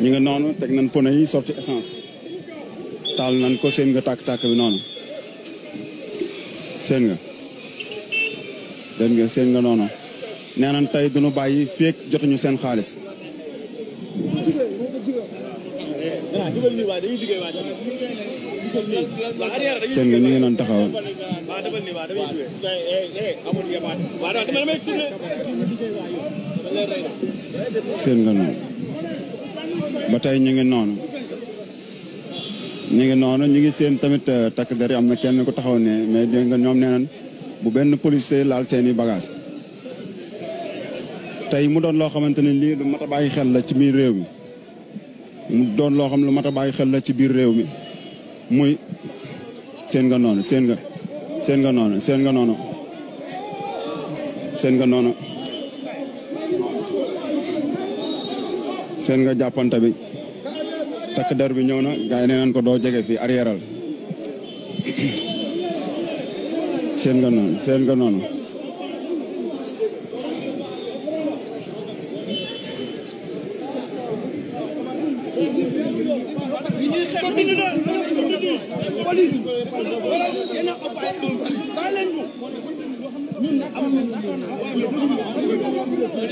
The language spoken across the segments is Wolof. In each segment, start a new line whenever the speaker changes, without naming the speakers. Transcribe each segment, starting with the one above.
ñu ngi noonu teg nañ pono yi sotti essence taal nañ ko seen nga tàkk-tàkk bi noonu seen nga dégg nga seen nga noonu nee nañ tey duñu bàyyi feek jotuñu seen xaalis
seen nga ñu ngi noonu taxaw
seen nga noonu ba tey ñu ngi noonu ñu ngi noonu ñu ngi seen tamit euh, takk der am na kenn ku taxaw ne mais dégg nga ñoom nee bu benn policier laal seeni bagage tey mu doon loo xamante ne lii lu mat bàyyi xel la ci biir réew mi mu doon loo xam lu mat a bàyyi xel la ci biir réew mi muy seen nga noonu seen nga seen nga noonu seen nga noonu seen nga noonu seen nga jàppante bi takk der bi ñëw na gars yi nee nañ ko doo jege fii arrièreal seen nga noonu seen nga noonu
ñoo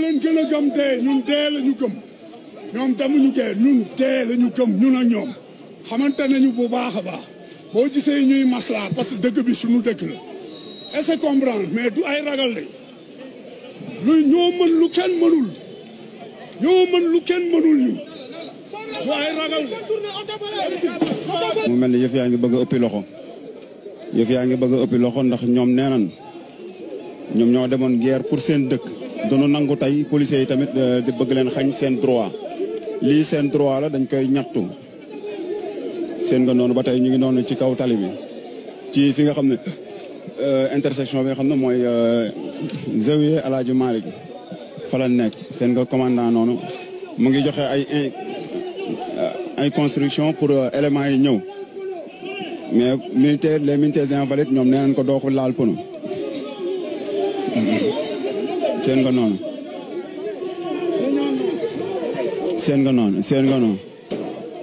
leen gën a gëm dee ñun dee la ñu gëm ñoom damuñu dee ñun dee la ñu gëm ñun ak ñoom xamante nañu bu baax a baax boo gisee ñuy maslaa parce que dëgg bi suñu dëgg la est-ce comprendre mais ay ragal de lu ñoo mu
mel ni yëf yaa ngi bëgg a ëppi loxo yëf yaa ngi bëgg ëppi loxo ndax ñoom nee ñoom ñoo demoon guerre pour seen dëkk doonu nangu tey policiers yi tamit euh, di bëgg leen xañ seen droit lii seen droit la dañ koy ñaxtu seen nga noonu ba tey ñu ngi noonu ci kaw tali bi ci fi nga xam ne Euh, intersection bi xam na mooy euh, zawiya El Hadj Malick fa la nekk seen nga commandant noonu mu ngi joxe ay euh, ay construction pour éléments yi ñëw mais militaire les militaires invalides ñoom nee nañ ko doo ko laal pono seen nga noonu seen nga noonu seen nga noonu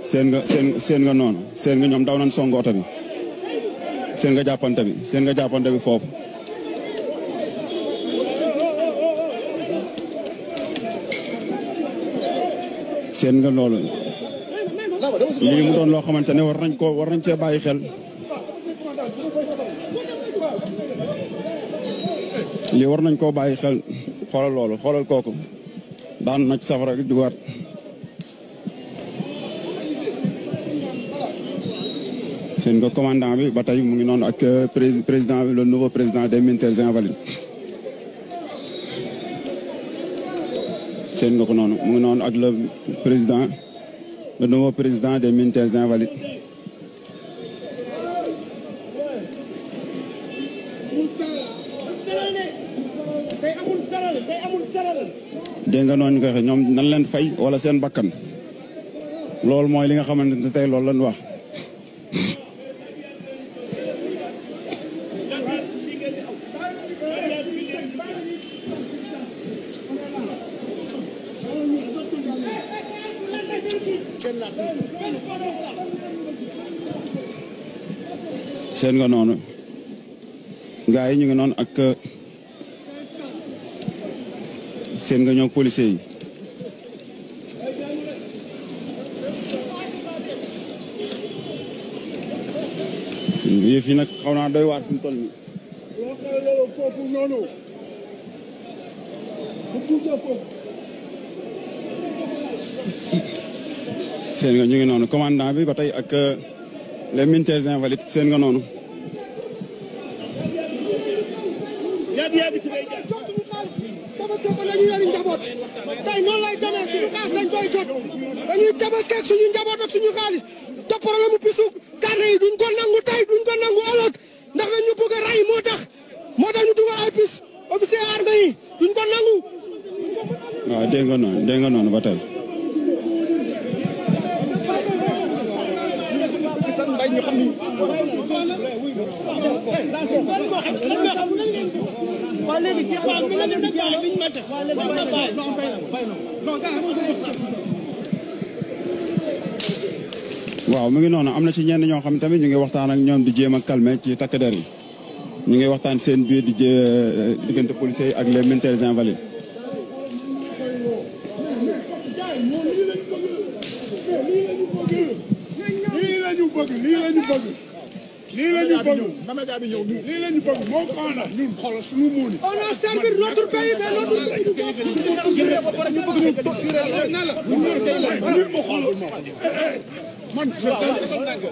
seen nga seen nga noonu seen nga ñoom daw nañ song oto bi seen nga jàppante bi seen nga jàppante bi foofu. seen nga loolu lii mu doon loo xamante ne war nañ ko war nañ cee bàyyi xel. lii war nañ koo bàyyi xel xoolal loolu xoolal kooku daan na ci safara dugaat. seen nga commandant bi batay mu ngi non ak euh, président le nouveau président des militaires invalides sen nga ko non mu ngi non ak le président le nouveau président des militaires invalides dégg nga noonu ñu koy waxee ñoom nan leen fay wala seen bakkan loolu mooy li nga xamante ne tey loolu wax seen nga noonu gars yi ñu ngi noonu ak seen nga ñoo policier yi seen nga yëf yi nag xaw naa doy waar fi mu toll nii seen nga ñu ngi noonu commandant bi ba tey ak les militaires invalides seen nga noonu.
tabaski ko dañuy yori njaboot tey noonu lay demee suñu xaalis lañ koy dañuy tabaski suñu xaalis te problème mu pisu carte yi duñ ko nangu tey duñ ko nangu ëllëg ndax dañu bëgg a moo tax moo tax ñu dugal ay pis officier armée yi duñ ko nangu.
waaw dégg nga noonu dégg nga noonu ba tey. ñu waaw mu ngi noonu am na ci ñenn ñoo xam tamit ñu ngi waxtaan ak ñoom di jéem a calmer ci takk der yi ñu ngi waxtaan seen biir di jé diggante policiers yi ak les militaires invalides
bëgg lii la ñu bëgg Mamadi bi ñëw lii la ñu bëgg moom ana ñun xoolal suñu muuni on a servi notre pays mais notre man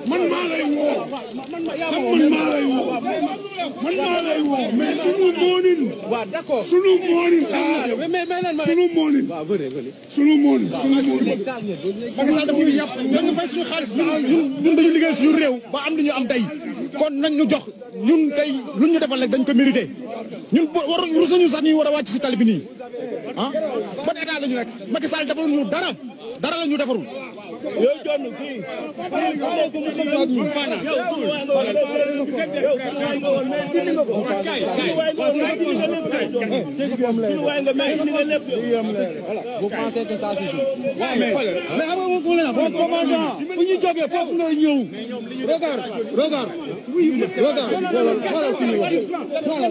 man maa lay woo man maa lay woo mën naa lay woo mais sunu moonin. waaw d'accord sunu moonin. Ah, mais mais mais ma sunu moonin. waaw bëri bëri. sunu moonin sunu moonin. Macky Sall dafa ñu yàpp ñun ñu fay suñu xaalis ñun ñun dañu liggéey suñu réew ba am ñu am tey kon nañ ñu jox ñun tey lu ñu defal rek dañ ko mérité ñun waru rus nañu sax ñu war a wàcc si tali bi nii ah ban état lañu rek nekk Macky Sall defaluñu dara dara la ñu defarul. yow John kii kii ku nekk mu ko jóg yow tuur yow suñu waay nga woon mais indi nga ko suñu waay nga woon mais indi nga lépp suñu waay nga mais indi nga lépp yow voilà vous pensez que ça suffit waaw mais mais xam nga ko la foo commandant fu ñu jógee foofu ngay ñëw regarde regarde regarde voilà suñu wax voilà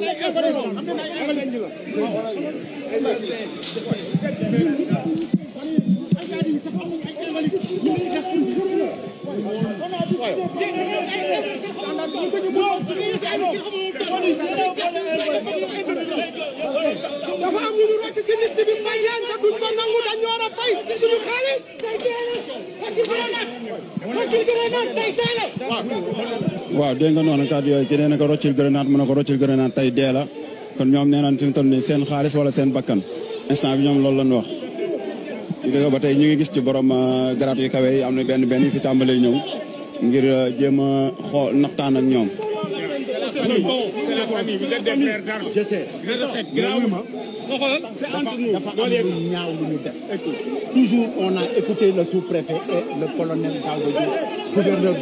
dafa am ñu wàcc si liste bi fay leen te duñ a fay suñu xaalis
nga noonu kàddu yooyu ci nee ko roccil grenade mu ne ko roccil grenade tey dee la kon ñoom nee nañ fi mu seen xaalis wala seen bakkan instant bi ñoom loolu lañ wax ñu tey ñu ngi gis ci borom euh, grade yu kawe yi am na benn benn fi tàmbalee ñëw ngir
c'est la famille vous êtes des d'armes. je sais c'est la toujours on a écouté le sous-préfet et le colonel gouverneur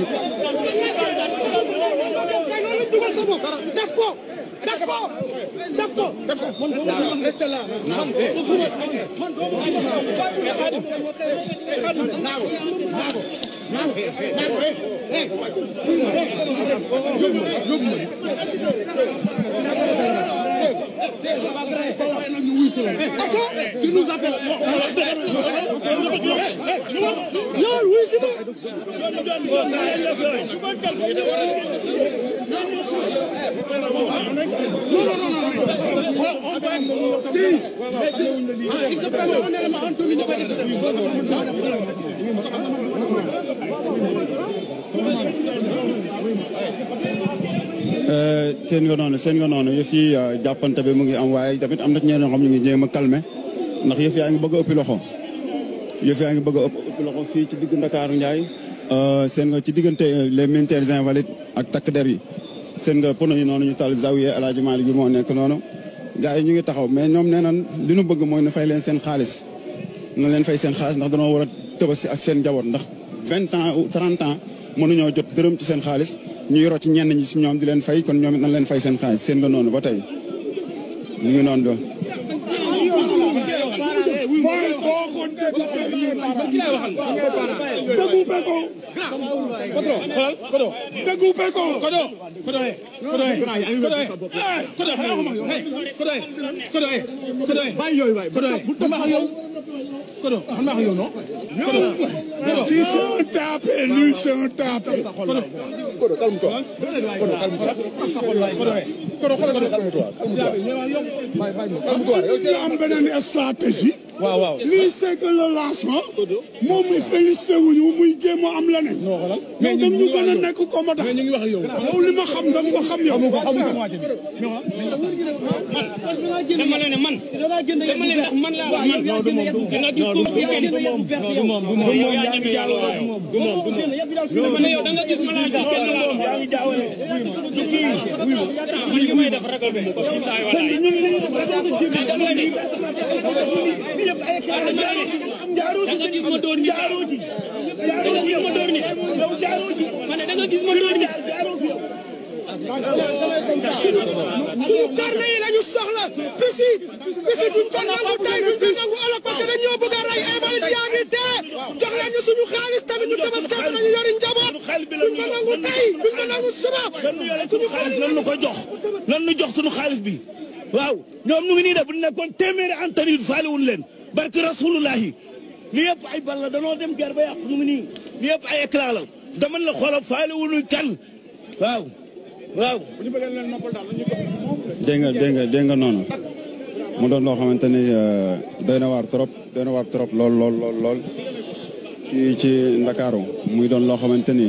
si nous appelle yow wuy si ma non non non Si, il se permet, on est là, on domine
pas seen nga noonu seen nga noonu yëf yi ah, jàppante bi mu ngi am waaye tamit am na ñeneen ñoo xam ñu ngi jéem a calmer ndax yëf yaa ngi bëgg a ëppi loxo yëf yaa ngi bëgg a ëppi loxo fii ci digg Ndakaaru Njaay ah, seen nga ci diggante eh, les militaires invalides ak takk der yi seen nga pono yi noonu ñu tal zawiye Alaaji Maalik bi moo nekk noonu gars yi ñu ngi taxaw mais ñoom nee nan li nu bëgg mooy na fay leen seen xaalis na leen fay seen xaalis ndax danoo war a tëbasi ak seen njaboot ndax vingt ans ou trente ans mënuñoo jot dërëm ci seen xaalis ñu yoroo ci ñenn ñi si ñoom di leen fay kon ñoomi it leen fay seen xaalis seen nga noonu ba tey ñu ngi noonu doon
boo Kodo Kodo dëggu peko Kodo Kodo eh Kodo eh Kodo eh Kodo xanaa xamoo yow hey Kodo eh Kodo eh Kodo eh bàyyi yooyu waay Kodo eh man maa xam yow Kodo man maa xam yow non Kodo Lii c'est un tapé, lii c'est un tapé. Kodo, calme-toi. Kodo, calme-toi. Kodo, calme-toi. Calme-toi. Ñu am beneen stratégie. waaw waaw lii c'est que le lancement. moom muy félicité wuñu muy jéem a am leneen. mais ñu ñu gën a nekk combattant. mais ñu ngi wax yow. yow li ma xam dama ko xam yow. dama la ne man. dama la ne man laa wax man. ngi jaaw moom du moom du moom man yow da nga gis malaaka kenn la yaa ngi jaaw du kii man li may def ragal bi ko tay wala ñun li ñu def da nga ni ni yëpp ay jaaru da nga gis ma door ni jaaru ji da nga gis ma lan nu yore suñu xaalis lan nu ko jox lan nu jox suñu xaalis bi waaw ñoom ñu ngi nii def bu nekkoon téeméeri antenne yu leen barke rasulullahi li yëpp ay bal danoo dem guerre ba yàqu ñu ngi nii li yëpp ay éclat la dama la xoolal faalewuñu kan waaw waaw dégg nga dégg dégg nga noonu mu
doon loo xamante ni euh, doy na waar trop doy trop lool lool lool lool ci Ndakaaru muy doon loo xamante ni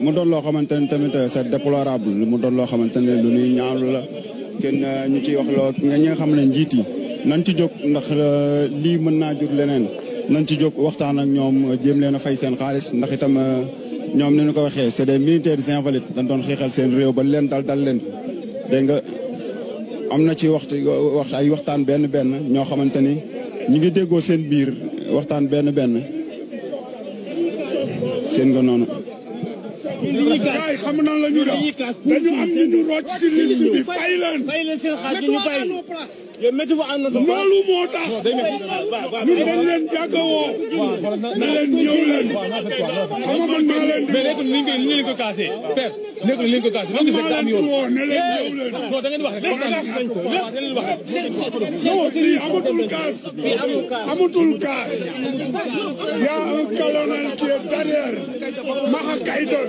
mu doon loo xamante ne tamit euh, c'est déplorable mu doon loo xamante ne lu ñuy ñaawlu la kenn euh, ñu ciy wax loo nga ñi nga xam ne njiit yi nañ ci jóg ndax euh, lii mën naa jur leneen nañ ci jóg waxtaan ak ñoom jéem leen a fay seen xaalis ndax itam ñoom ni ñu ko waxee c'est des militaires invalides dañ doon xeexal seen réew ba leen dal dal leen fi nga am na ci waxtu wax ay waxtaan benn benn ñoo xamante ni ñu ngi déggoo seen biir waxtaan benn benn seen nga noonu
gars yi xam nan la ñu def dañu am ñu ñu rocc si liste bi fay leen. fay leen seen xaalis ñu bàyyi loolu moo tax ñun dañ leen yàgg a woo na leen ñëw leen xam nga man maa leen di. mais nekkul ni ngeen ko kaasee. père nekkul ni ngeen ko kaasee. man maa leen di woo ne leen ñëw leen. non da ngeen wax rek da ngeen wax rek. lii amatul kaas amatul kaas. y a un colonel qui est derrière Maha Kaïdol.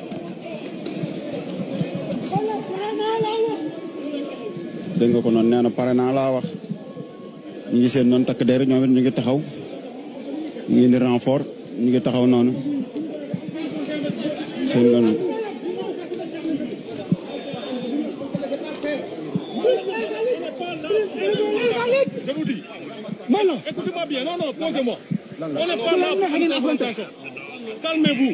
dégg nga ko noonu nee na la wax ñi ngi seen non tak der ñoom ñi ñu ngi taxaw ñi ngi ni renfort ñi ngi taxaw non
seen Non, non. Écoutez-moi bien. Non, non, posez-moi. On n'est pas là pour une confrontation. Calmez-vous.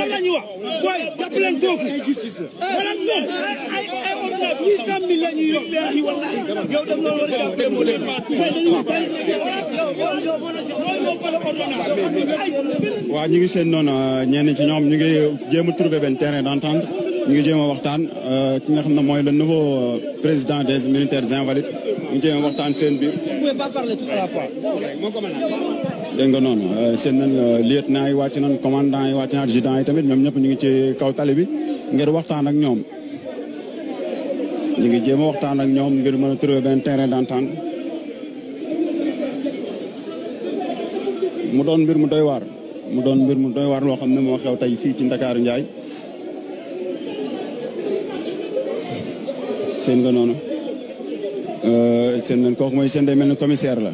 waa jàpp
ñu ngi seen noonu ñenn ci ñoom ñu ngi jéem a trouver benn terrain d'entente ñu ngi jéem waxtaan ki mooy le nouveau président des militaires invalides ñu ngi jéem a waxtaan seen biir. vous pouvez pas parler tout à dégg nga noonu euh, seen nañ lieutenant yi wàcc nañ commandant yi wàcc nañ adjudant yi tamit ñoom ñëpp ñu ngi ci kaw tali bi ngir waxtaan ak ñoom ñu ngi jéem a waxtaan ak ñoom ngir mën a trouver benn mu doon mbir mu doy waar mu doon mbir mu doy waar loo xam ne moo xew tey fii ci Ndakaaru Njaay seen nga noonu euh, seen nan kooku mooy seen day mel ni commissaire la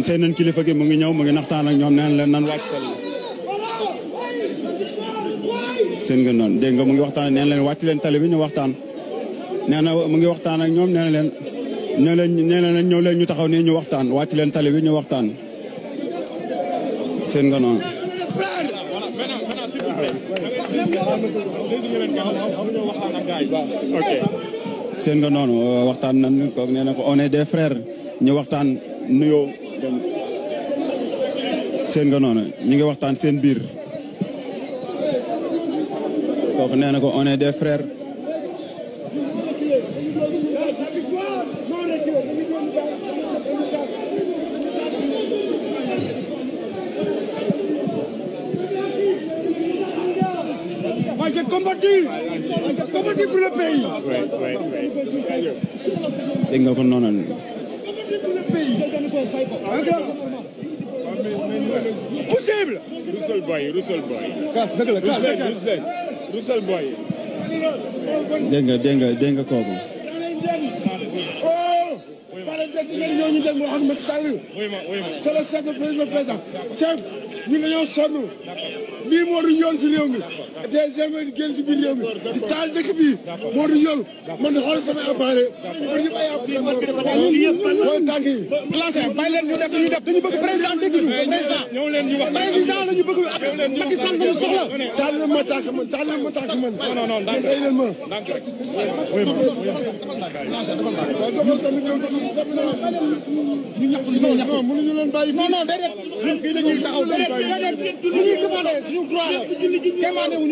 seen nañ kilifa gi mu ngi ñëw mu ngi naxtaan ak ñoom neen leen nan wàcc seen nga noon dégg nga mu ngi waxtaan neen leen wàcc leen tali bi ñu waxtaan nee na mu ngi waxtaan ak ñoom na leen nee leen nee ñëw leen ñu taxaw nii ñu waxtaan wàcc leen tali bi ñu waxtaan seen nga noonu nga noonu waxtaan nan ko ko on est ñu waxtaan nuyoo seen nga noonu ñu ngi waxtaan seen bir kok neena ko on est des frères
Je combattu j'ai combattu pour le pays
dégg nga ko Russell Boy.
kaas dëgg la kaas dëgg la Russell Russell Boy. dégg
nga dégg nga dégg nga kooku.
Oh! ñooñu dégg nga wax ak Macky Sall. c'est le chef de président président chef ñun dañoo sonn lii moo du yoon si réew mi. des gendarmes génn si biir réew mi di taal dëkk bi moo di yoon man de xoolal sama appareil man yëpp ay appareil xool tànk yi. classé bàyyi leen ñu def dañuy soxla. taal leen ma tànk man taal man. non man day leen ma. non mënuñu leen ñu ngi demandé suñu droit la demandé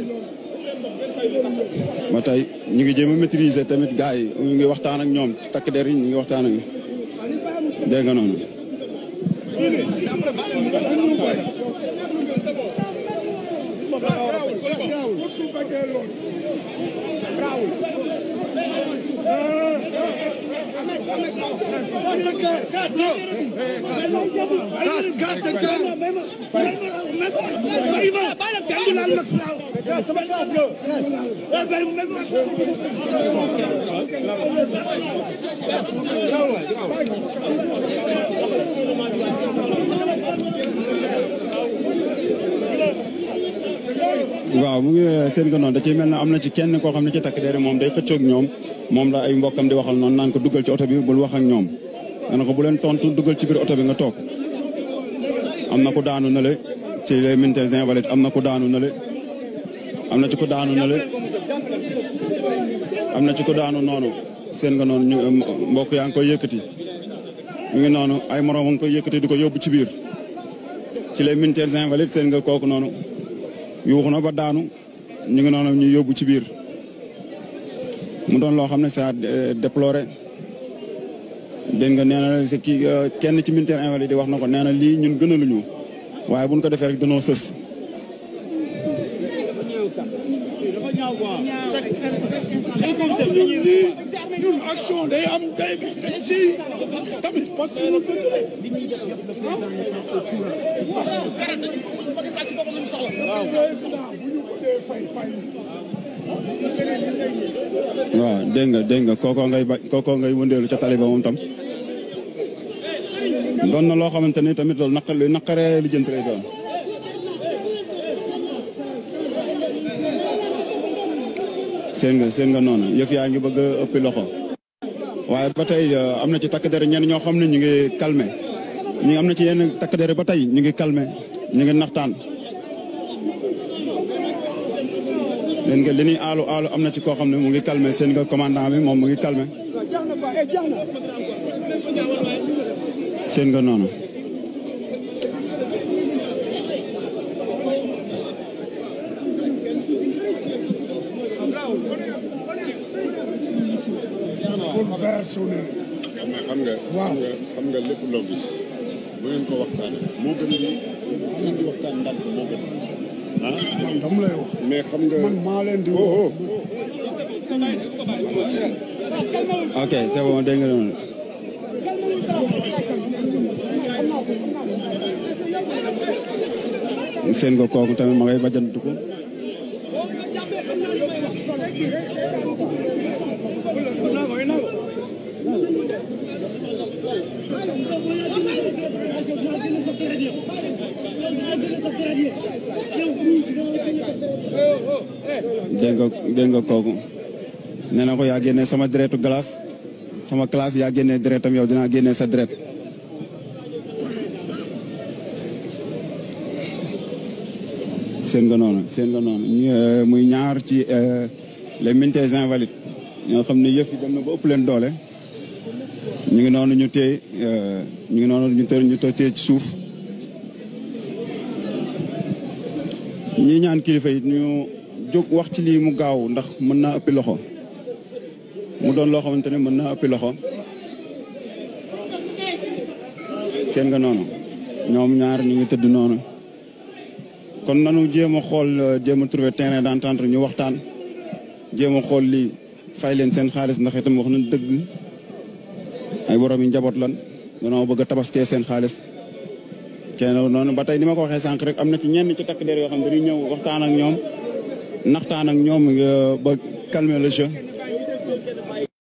ba tey ñu ngi jéem a maîtriser tamit gars yi ngi waxtaan ak ñoom takk der yi ñu ngi waxtaan noonu. waaw mu ngi euh, seen gannaaw da ciy mel na am na ci kenn koo xam ne ci takk der moom day xëccoog ñoom moom la ay mbokkam di waxal noonu naan dugal duggal ci oto bi bul wax ak ñoom nga ne ko bu leen tontu dugal ci biir oto bi nga toog am na ku daanu na le ci les militaires invalides am na ku daanu na le am na ci ko daanu na am na ci ko daanu noonu seen nga noonu ñu mbokk yaa ngi koy yëkkati mu ngi noonu ay moroom a ngi koy yëkkati di ko yóbbu ci biir ci les militaires invalides seen nga kooku noonu yuuxu na ba daanu ñu ngi noonu ñu yóbbu ci biir mu doon loo xam ne c'est à euh, déplorer dégg nga nee na c'est kii euh, kenn ci militaire invalide wax na ko nee lii ñun gënaluñu waaye buñ ko defee rek danoo sës
élection day am dégg
nga dégg nga kookoo ngay ba kookoo ngay wëndeelu ca taliba moom tam doon na loo xamante ni tamit loolu naqar luy doon seen nga séen nga noonu yëf yaa ngi bëgg a ëppi loxo waaye ba tey uh, am na ci takk der ñenn ñoo xam ne ñu ngi calmé ñu am na ci yenn takk ba tey ñu ngi calmé ñu ngi naxtaan. leen nga li ñuy aalu aalu am na ci koo xam ne mu ngi calmé seen nga commandant bi moom mu ngi calmé seen nga noonu.
sóone la. xam nga. waaw xam nga lépp loo gis. bu ngeen ko waxtaanee moo gën waxtaan ndànk moo gën ah. man xam nga man maa leen di. Oh, oh.
ok c'est bon dégg seen ko kooku tamit ma ngay bajantu ko. dégg nga dégg nga kooku nee na ko yaa génne sama deretu glace sama classe yaa génne deretam yow dinaa génne sa deret seen nga noonu seen nga noonu euh, muy ñaar ci euh, les militaires invalides ñoo xam yëf yi dem na ba ëpp leen doole ñu ngi noonu ñu téye euh, ñu ngi noonu ñu tër ñu téye ci suuf ñi ñaan kilifa yi ñu jóg wax ci lii mu gaaw ndax mën naa ëppi loxo mu doon loo xamante ne mën naa ëppi loxo seen nga noonu ñoom ñaar ñu ngi tëdd noonu kon nanu jéem a xool euh, jéem a trouver terrain d'entente ñu waxtaan jéem a xool lii fay leen seen xaalis ndax itam wax nañ dëgg ay borom yi njaboot lan danoo bëgg a tabaskee seen xaalis kenn noonu ba tey ni ma ko waxee sànq rek am na ci ñenn ci takk der yoo xam dañuy ñëw waxtaan ak ñoom naxtaan ak ñoom euh, ba calmer le jeu